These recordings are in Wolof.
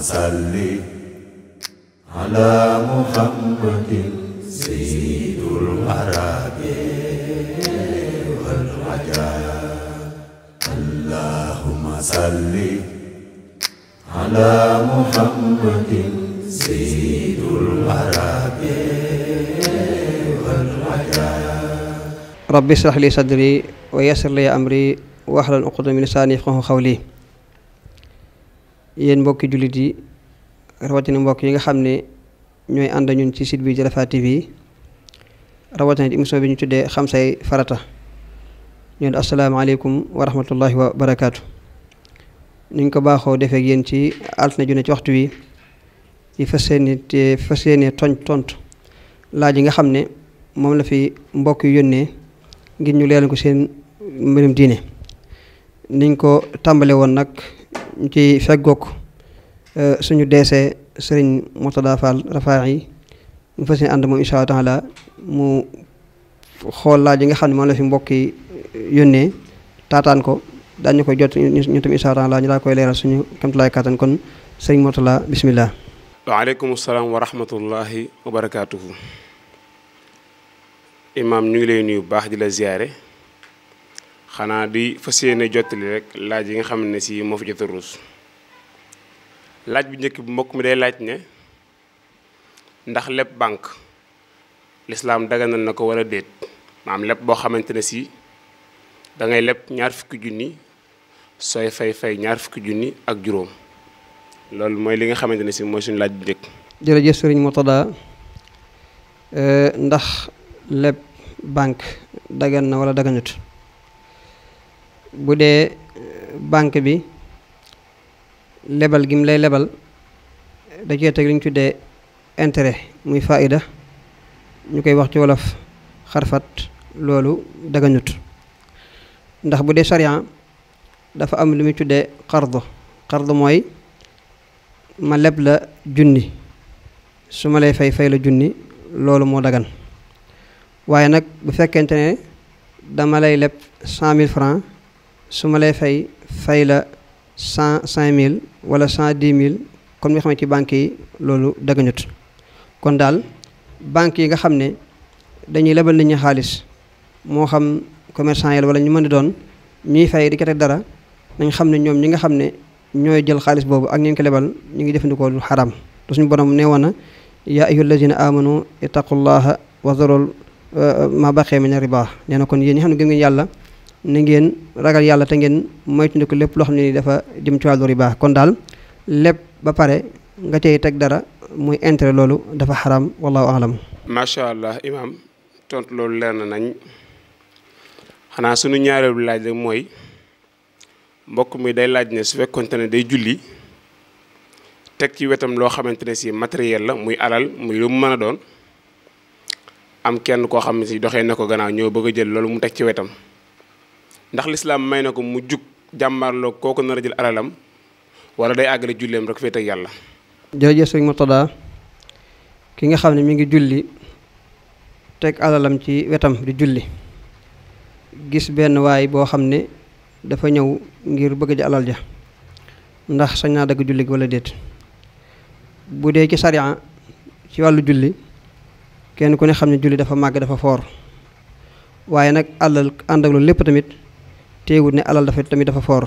صل على محمد سيد العرب والعجاب اللهم صل على محمد سيد العرب والعجاب رب اشرح لي صدري ويسر لي امري واحلل عقدة من لساني يفقهوا قولي yéen mbokki jullit yi rawatina mbokk yi nga xam ne ñooy ànd ñun ci site bi di Rafah TV rawatina émission bi ñu tuddee xam say farata ñoo di asalaamaaleykum wa rahmatullahi wa barakaatu. ni ko baaxoo defee ak ci altine ju ne ci waxtu wi ci fas yéene te fas yéene tont tontu laaj yi nga xam ne moom la fi mbokk yu yónnee ngir ñu leeral ko seen mbirum diine niñ ko tàmbale woon nag. ñu ci feggoog euh, suñu deesee sëriñ Murtada Fall Rafaahi mu ñu fas yéene ànd moom incha allah taala mu xool laa yi nga xam ne moom la fi mbokk yi euh, yónnee taataan ko daañu koy jot ñu tam incha allah taala ñu daa koy leeral suñu kamtulaay kattan kon sëriñ Murtada bismillah waaleykum salaam wa rahmatullahi wa barakaatuhu imaam ñu ngi lay nuyu baax di la ziyaare xanaa di fas yéene jottali rek laaj yi nga xam ne si moo fi jot a ruus laaj bu njëkk bi mbokk mi day laaj ne ndax lépp banque lislaam daganal na ko wala déet maam lépp boo xamante ne si dangay ngay lépp ñaar fukki junni sooy fay fay ñaar fukki junni ak juróom loolu mooy li nga xamante ne si mooy suñu laaj bu njëkk. jërëjëf sëriñ Murtada ndax lépp banque dagan na wala daganut. bu dee euh, banque bi lebal gi mu lay lebal da cee teg li ñu tuddee intérêt muy ida ñu koy wax ci wolof xarfat loolu dagañut ndax bu dee sariya dafa am lu muy tuddee xardu xardu mooy ma leb la junni su ma lay fay fay la junni loolu moo dagan waaye nag bu fekkente ne dama lay leb cent mille francs su ma lay fay fay la cent cinq mille wala cent dix mille kon nga xam ne ci banque yi loolu dagañut kon daal banque yi nga xam ne dañuy lebal nit ñi xaalis moo xam commerçant yi wala ñu mën di doon ñuy fay di ko dara nañ xam ne ñoom ñi nga xam ne ñooy jël xaalis boobu ak ñu ko lebal ñu ngi jëfandikoo lu xaram te suñu borom nee woon na yaa ayyuha allazina amanu ittaqullaha wa zarul ma baqee min riba nee na kon yéen ñu xam ne gëm ngeen yàlla ni ngeen ragal yàlla te ngeen ko lépp loo xam ne nii dafa jëm ci wàllu riba kon daal lépp ba pare nga cay teg dara muy intérêt loolu dafa xaram wallahu alam macha allah imaam tontu loolu leer na nañ xanaa sunu ñaareelu laaj rek mooy mbokk mi day laaj ne su fekkonte ne day julli teg ci wetam loo xamante ne si matériel la muy alal muy lu mën a doon am kenn koo xam ne si doxee na ko gannaaw ñoo bëgg a jël loolu mu teg ci wetam ndax lislaam may na ko mu jug jàmbaarloo kooku nar a alalam wala day àggale julleem rek féete ak yàlla. jërëjëf sëñ Murtada ki nga xam ne mi ngi julli teg alalam ci wetam di julli gis benn waay boo xam ne dafa ñëw ngir bëgg ja alal ja ndax sañ naa julli gi wala déet bu dee ci sariya ci wàllu julli kenn ku ne xam ne julli dafa màgg dafa foor waaye nag àllal ànd ak lépp tamit. teewut ne alal dafa tamit dafa foor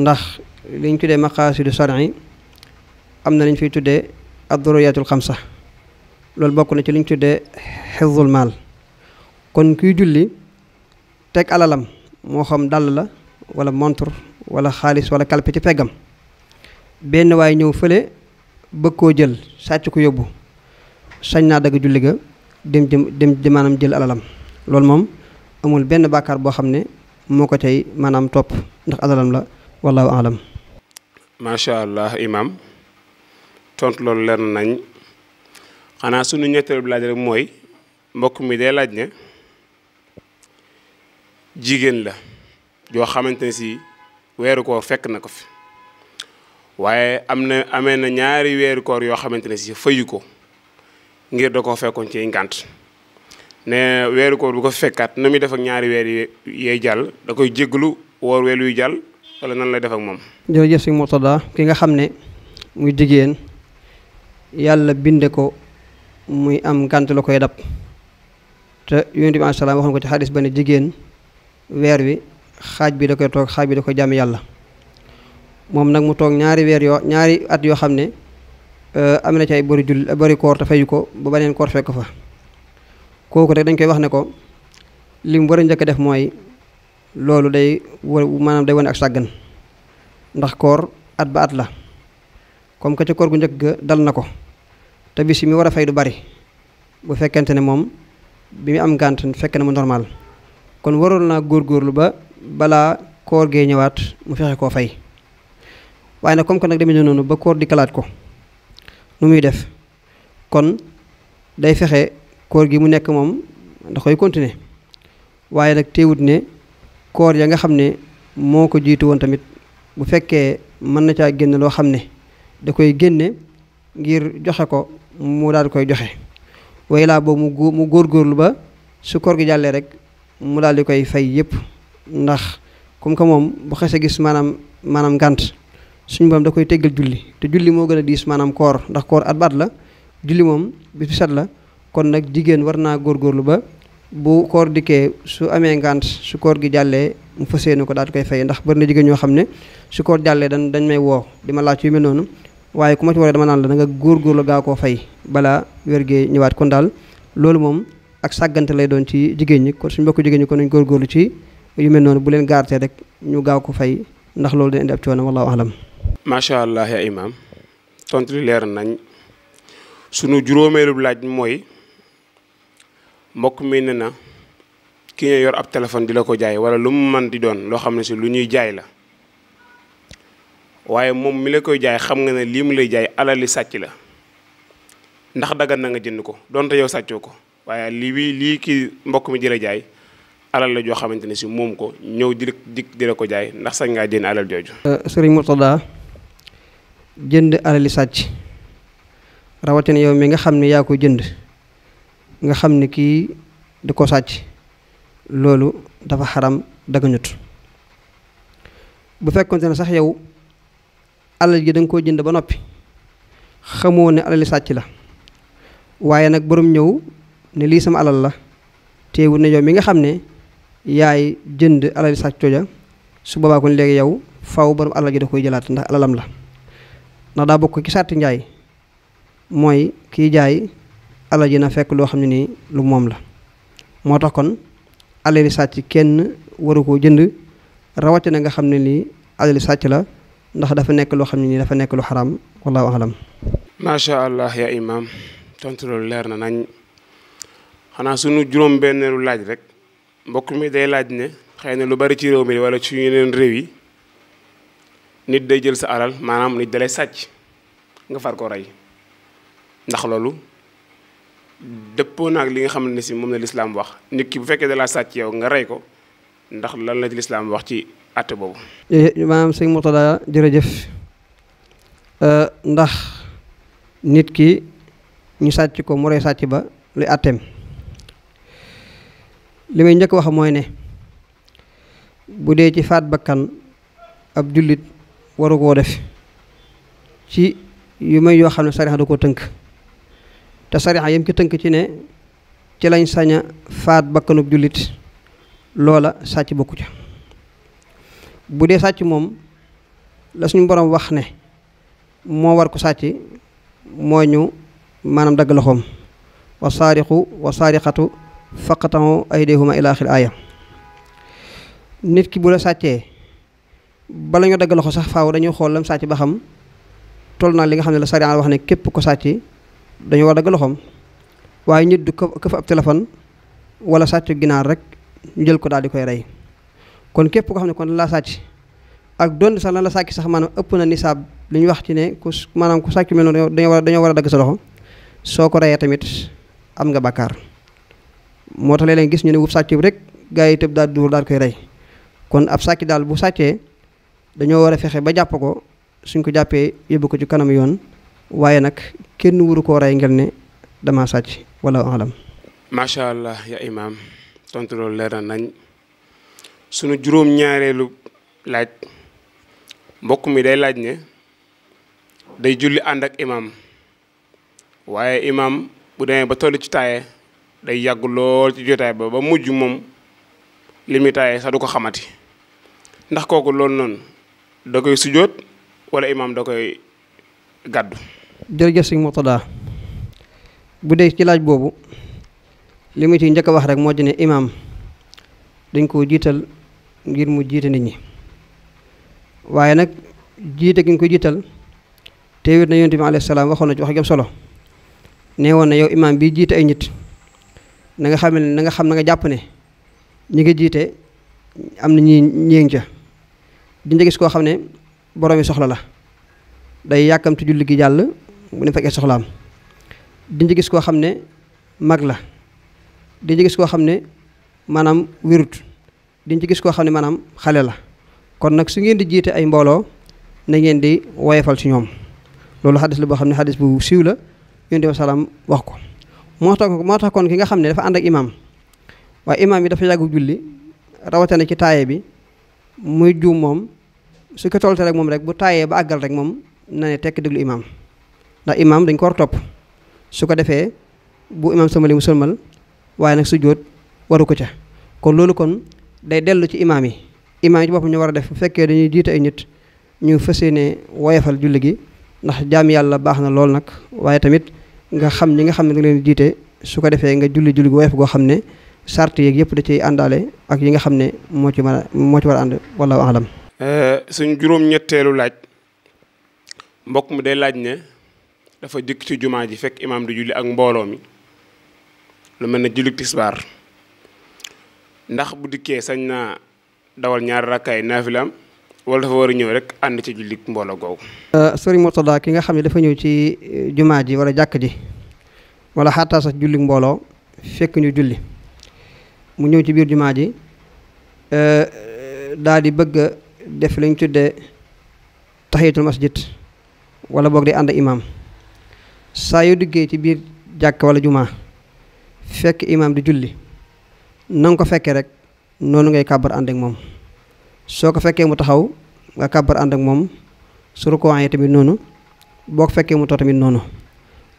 ndax li ñu tuddee du shar'i am na li ñu fiy tuddee ad xam sax loolu bokk na ci li ñu tuddee xifzul maal kon kuy julli teg alalam moo xam dàll la wala montre wala xaalis wala kalpe ci peggam benn waay ñëw fële bëgg koo jël sàcc ko yóbbu sañ naa dagg julli ga dem jëm dem jël alalam loolu moom amul benn bàkkaar boo xam ne moo ko cay maanaam topp ndax alalam la wallaahu alam macha allah imam tontu loolu leer nañ xanaa sunu ñetteelu bi laaj rek mooy mbokk mi day laaj na jigéen la yoo xamante ne si weeru koor fekk na ko fi waaye am na amee na ñaari weeru koor yoo xamante ne si fayu ko ngir da koo fekkoon ci ngànt ne weeru koor bu ko fekkaat na muy def ñaari weer yee jàll da koy jéglu woor weer yuy jàll wala na lay def ak moom. jërëjëf si Murtada ki nga xam ne muy jigéen yàlla binde ko muy am gànt la koy dab te yonent bi alayhi salaam ko ci xadis ba ne jigéen weer wi xaaj bi da koy toog xaaj bi da koy jàmm yàlla. moom nag mu toog ñaari weer yoo ñaari at yoo xam ne euh, am na ci ay bëri jul bëri koor te fayu ko ba beneen koor fekk fa. kooku rek dañ koy wax ne ko li mu war a njëkk def mooy loolu day wa maanaam day wone ak sàggan ndax koor at ba at la comme que ca koor gu njëkk ga dal na ko te bis mi war a fay du bari bu fekkente ne moom bi mu am gànt fekk na mu normal kon waroon naa góor góorgóorlu ba balaa koor gee ñëwaat mu fexe koo fay waaye nag comme que nag demee noonu ba koor di kalaat ko nu muy def kon day fexe koor gi mu nekk moom da koy continuer waaye nag teewut ne koor ya nga xam ne moo ko jiitu woon tamit bu fekkee mën na caa génn loo xam ne da koy génne ngir joxe ko mu daal koy joxe way laa boobu mu mu góorgóorlu ba su koor gi jàllee rek mu daal di koy fay yépp ndax comme que moom bu xese gis maanaam maanaam gànt suñu borom da koy teggal julli te julli moo gën a diis maanaam koor ndax koor at baat la julli moom bis bi set la kon nag jigéen war naa góor góorgóorlu ba bu koor dikkee su amee ngant su koor gi jàllee mu fas yéene ko daal di koy fay ndax bari na jigéen ñoo xam ne su koor jàllee dañ dañ may woo di laaj yu mel noonu waaye ku ma ci waree dama naan la da nga góorgóorlu gaaw koo fay balaa wér gee ñëwaat kon daal loolu moom ak sàggante lay doon ci jigéen ñi kon suñu mbokku jigéen ñi kon nañ góorlu ci yu mel noonu bu leen gaartee rek ñu gaaw ko fay ndax loolu dina indi ab coono wallahu alam macha allah ya imaam tontu leer nañ sunu juróomeelu laaj mooy. mbokk mi ne na ki ñu yor ab téléphone di la ko jaay wala lu mu mën di doon loo xam ne si lu ñuy jaay la waaye moom mi la koy jaay xam nga ne lii mu lay jaay alali sàcc la ndax dagan na nga jënd ko donte yow sàccoo ko waaye lii wi lii kii mbokk mi di jaay alal la joo xamante ne si moom ko ñëw di dikk di la ko jaay ndax sañ ngaa jënd alal jooju. Euh, sëriñ Murtada jënd alali sàcc rawatin yow mi nga xam ne yaa ko jënd. nga xam ne kii di ko sàcc loolu dafa xaram dagañut bu fekkonte ne sax yow alal ji da ko jënd ba noppi xamoo ne alali sàcc la waaye nag boroom ñëw ne lii sama alal la teewul ne yow mi nga xam ne yaay jënd alali sàcc jooja su boobaa kon léegi yow faw borom alal ji da koy jëlaat ndax alalam la ndax daa bokk ci sàtti njaay mooy kiy jaay alal ji na fekk loo xam ne nii lu moom la moo tax kon yi sàcc kenn waru koo jënd rawatina nga xam ne lii alali sàcc la ndax dafa nekk loo xam ne nii dafa nekk lu xaraam wallahu alam macha allah yaa imaam tontu loolu leer na nañ xanaa sunu juróom benneelu laaj rek mbokk mi day laaj ne xëy na lu bari ci réew mi wala ci yeneen réew yi nit day jël sa alal maanaam nit dalay sàcc nga far ko rey ndax loolu dëppoo naag li nga xam ne si moom la lislaam wax nit ki bu fekkee da laa sàcc yow nga rey ko ndax lan la lislaam wax ci àtte boobu. Eh, maanaam sëñ Murtada jërëjëf eh, ndax nit ki ñu sàcc ko mu rey sàcc ba luy àtteem li may njëkk wax mooy ne bu dee ci faat bakkan ab jullit waru koo def ci yu may yoo xam ne sariya da koo tënk. te sarixa yam ci tënk ci ne ci lañ sañ faat bakkanub jullit loola sàcc bokku ca bu dee sàcc moom la suñu boroom wax ne moo war ko sàcc moo ñu maanaam dagg loxoom wa saariqu wa saariqatu faqatanu aydihuma ila axir aaya nit ki bu la sàccee bala ñu dagg loxo sax faaw dañuy xool lam sàcc ba xam toll naa li nga xam ne la sariya wax ne képp ko sàcc dañu war a dagg loxoom waaye nit du këf ab téléphone wala sàcc ginaar rek ñu jël ko daal di koy rey kon képp ko xam ne kon laa sàcc ak doon sax lan la sàcc sax maanaam ëpp na nisaab li ñu wax ci ne ku maanaam ku sàcc mel noonu dañoo war dañoo war a dagg sa loxo soo ko reyee tamit am nga bàkkaar moo tax léeg gis ñu ne wub sàcc bi rek gaa yi tëb daal duur daal koy rey kon ab sàcc daal bu sàccee dañoo war a fexe ba jàpp ko suñ ko jàppee yóbbu ko ci kanam yoon waaye nag kenn wuru koo rey ngel ne dama sàcc wala alam macha allah ya imaam tontu loolu leer na nañ sunu juróom-ñaareelu laaj mbokk mi day laaj ne day julli ànd ak imaam waaye imaam bu demee ba toll ci taaye day yàgg lool ci jotaay ba ba mujj moom li muy taaye sax du ko xamati ndax kooku lool noonu da koy sujjóot wala imaam da koy gàddu jërëjëf sëñ Murtada bu dee ci laaj boobu li mu ci njëkk a wax rek moo di ne imaam dañ koo jiital ngir mu jiite nit ñi waaye nag jiite gi ñu ko jiital teewit na yonent bi alayhi salaam waxoon na wax jëm solo nee woon na yow imaam bi jiite ay nit nanga nga xam ne na nga xam na nga jàpp ne ñi nga jiite am na ñi ñéeng ca di nga gis koo xam ne boroomi soxla la day yàkkamti julli gi jàll mu dem fekkee soxlaam dañu gis koo xam ne mag la di gis koo xam ne maanaam wérut dañu ci gis koo xam ne maanaam xale la kon nag su ngeen di jiite ay mbooloo na ngeen di woyefal ci ñoom loolu xadis la boo xam ne xadis bu siiw la yonent bi salaam wax ko moo tax moo tax kon ki nga xam ne dafa ànd ak imaam waaye imaam yi dafa yàggu julli rawatina ci taaye bi muy juum moom su ko toltee rek moom rek bu taayee ba àggal rek moom na ne tekk déglu imaam ndax imaam dañ ko war topp su ko defee bu imaam sëlmale mu sëlmal waaye nag su jóot waru ko ca kon loolu kon day dellu ci imaam yi imaam yi ci boppam ñu war a def bu fekkee dañuy jiite ay nit ñuy fas ne woyefal julli gi ndax jaam yàlla baax na lool nag waaye tamit nga xam ñi nga xam ne da leen jiite su ko defee nga julli julli gu woyof goo xam ne sart yeeg yëpp da ciy àndaale ak yi nga xam ne moo ci war a moo ci war a ànd wallahu alam eh, suñ juróom-ñetteelu laaj mbokk mu day laaj ne dafa jëkk ci jumaa ji fekk imaam di julli ak mbooloo mi lu mel ne jullit tisbaar ndax bu dikkee sañ na dawal ñaari rakkaay naafilaam wala dafa war a ñëw rek ànd ci jullit mbooloo googu. moto euh, Murtada ki nga xam ne dafa ñëw ci euh, jumaa ji wala jàkk ji walla xaataa sax mbooloo fekk ñu julli mu ñëw ci biir jumaa ji euh, daal di bëgg def lañ tuddee tahiyatul masjid wala boog di ànd imaam. saa yoo diggee ci biir jàkk wala jumaa fekk imaam di julli na ko fekkee rek noonu ngay kàbbar ànd ak moom soo ko fekkee mu taxaw nga kàbbar ànd ak moom su rukkoo yi tamit noonu boo ko fekkee mu too tamit noonu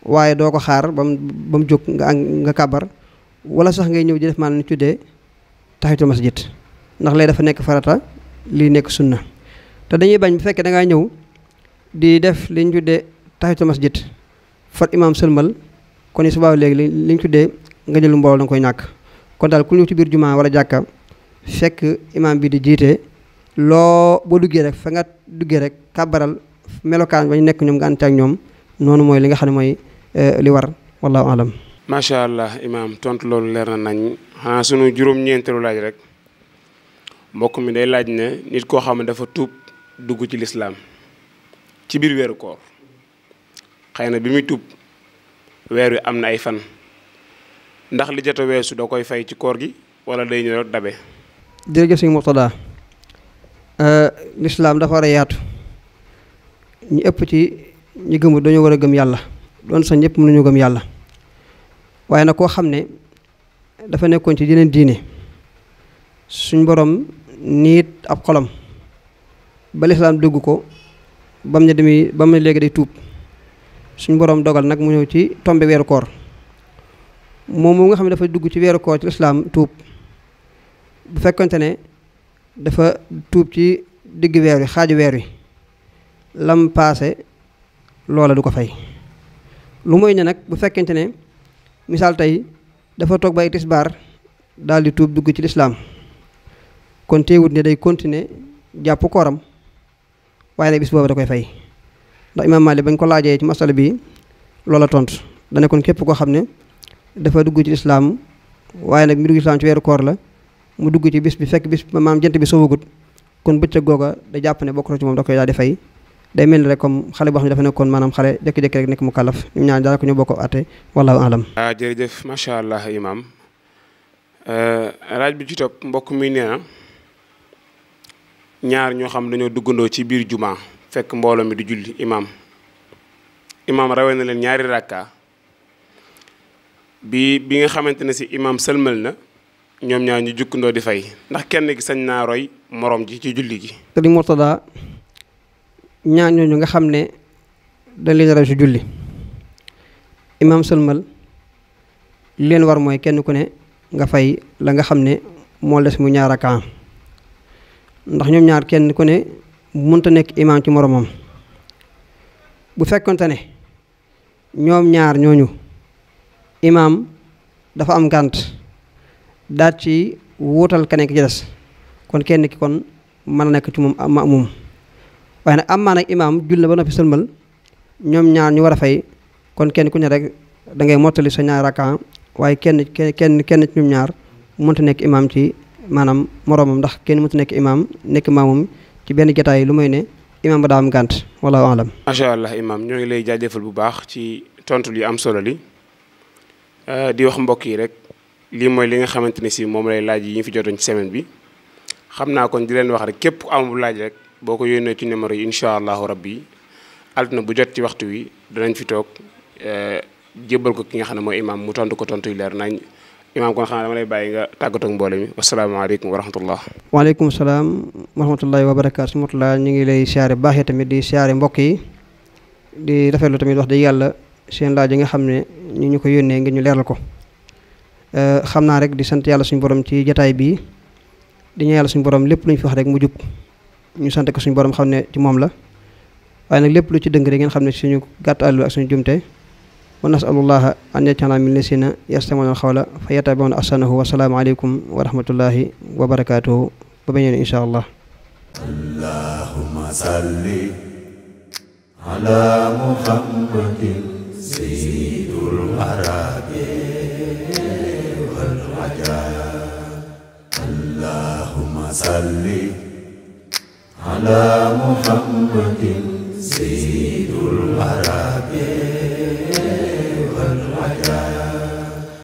waaye doo ko xaar ba mu ba mu jóg nga nga kàbbar wala sax ngay ñëw di def maanaam tuddee taxitul masjid ndax lay dafa nekk farata lii nekk sunna te dañuy bañ bu fekkee da ngaa ñëw di def li ñu tuddee taxitul masjid far imaam sëlmal kon ni subaa léegi li liñ tuddee nga jëlu mbooloo da nga koy ñàkk kon daal ku ñu ci biir jumaa wala jàkka fekk imaam bi di jiite loo boo duggee rek fa nga duggee rek kàbbaral melokaan ba ñu nekk ñoom nga ànd ak ñoom noonu mooy li nga xam ne mooy eh, li war wallahu alam macha allah imaam tontu loolu leer na nañ xanaa sunu juróom-ñeenteelu laaj rek mbokk mi day laaj ne nit koo xam ne dafa tuub dugg ci lislaam ci biir weeru koor xëy na bi muy tuub weer wi am na ay fan ndax li jot a weesu da koy fay ci koor gi wala day ñëw dabe. jërëjëf moto daa euh, lislaam dafa war a yaatu ñu ëpp ci ñu gëmul dañu war a gëm yàlla doon sax ñëpp mënuñu gëm yàlla waaye nag koo xam ne dafa nekkoon ci jeneen diine suñ boroom niit ab xolam ba lislaam dugg ko bam ne demi bam ne léegi day tuub suñu borom dogal nag mu ñëw ci tombe weeru koor moom moom nga xam ne dafa dugg ci weeru koor ci lislaam tuub bu fekkonte ne dafa tuub ci digg weer wi xaaju weer wi lam paase loola du ko fay lu mooy ne nag bu fekkente ne misaal tey dafa toog ba ay tisbaar daal di tuub dugg ci lislaam kon teewut ne day continuer jàpp kooram waaye nag bis boobu da koy fay da imaam Maalik bañ ko laajee ci masala bi loola tontu dana kon képp koo xam ne dafa dugg ci islaam waaye nag mi dugg weeru koor la mu dugg ci bis bi fekk bis maam jant bi soowagut kon bëccëg googa da jàpp ne bokk na ci moom da koy daal day mel ni comme xale boo xam ne dafa nekkoon maanaam xale jékki-jékki rek mu kàllaf ñu ñaan ñu bokk àtte wallaahu alam. Ah, jërëjëf macha allah imaam eh, laaj bi ci topp mbokk mi nee ñaar ñoo xam dañoo duggandoo ci biir jumaa fekk mbooloo mi di julli imaam imaam rawee na leen ñaari rakka bi bi nga xamante ne si imaam sëlmal na ñoom ñaar ñu jukkandoo di fay ndax kenn gi sañ naa roy morom ji ci julli gi. Sëriñ Mourtada ñaar ñooñu nga xam ne dañ leen raw si julli imaam sëlmal leen war mooy kenn ku ne nga fay la nga xam ne moo les mu ñaar rakka ndax ñoom ñaar kenn ku ne. mënta nekk imaam ci moromam bu fekkonte ne ñoom ñaar ñooñu imaam dafa am gànt daal ci wuutal ka nekk ci kon kenn ki kon mën a nekk ci moom maamum waaye nag amaa nag imaam jul na ba noppi sëlmal ñoom ñaar ñu war a fay kon kenn ku ne rek dangay mottali sa ñaar rakkaan waaye kenn kenn kenn ci ñoom ñaar mënta nekk imaam ci maanaam moroomam ndax kenn mënta nekk imaam nekk maamum ci benn yi lu mooy ne imaam ba daa am gànt wala alam macha allah imaam ñoo ngi lay jaajafal bu baax ci tontu li am solo li euh, di wax mbokk yi rek lii mooy li nga xamante ne si moom lay laaj yi ñu fi jotoon ci semaine bi xam naa kon di leen wax rek képp amul laaj rek boo ko yónnee ci numéro yi incha allahu rabbi altine bu jot ci waxtu wi danañ fi toog euh, jébbal ko ki nga xam ne mooy imaam mu tontu ko tontu yu leer nañ imaam kon xam dama lay bàyyi nga tàggatoo ak mboole mi wasalaamaaleykum wa rahmatullah waaleykum salaam wa rahmatullahi wa barakaatu sumatulla ñu ngi lay siyaare baaxee tamit di siyaare mbokk yi di rafetlu tamit wax dëgg yàlla seen laaj yi nga xam ne ñu ko yónnee ngir ñu leeral ko eh, xam naa rek di sant yàlla suñu borom ci jataay bii di ñaan borom lépp lu ñu rek mu jub ñu sant ko suñu borom xam ne ci moom la waaye nag lépp lu ci dëng rek ngeen xam ne suñu gàtt àllu ak suñu jumte wa nasalullaha an yajcalna min lisina yastamiuna alxawla fa yattabiuna ahsanahu wasalaamu aleykum wa rahmatullahi wa barakatuhu ba beneen insha allah allahumma salli ala muhammadin sayyidul arabi wal ajam allahumma salli ala muhammadin sayyidul arabi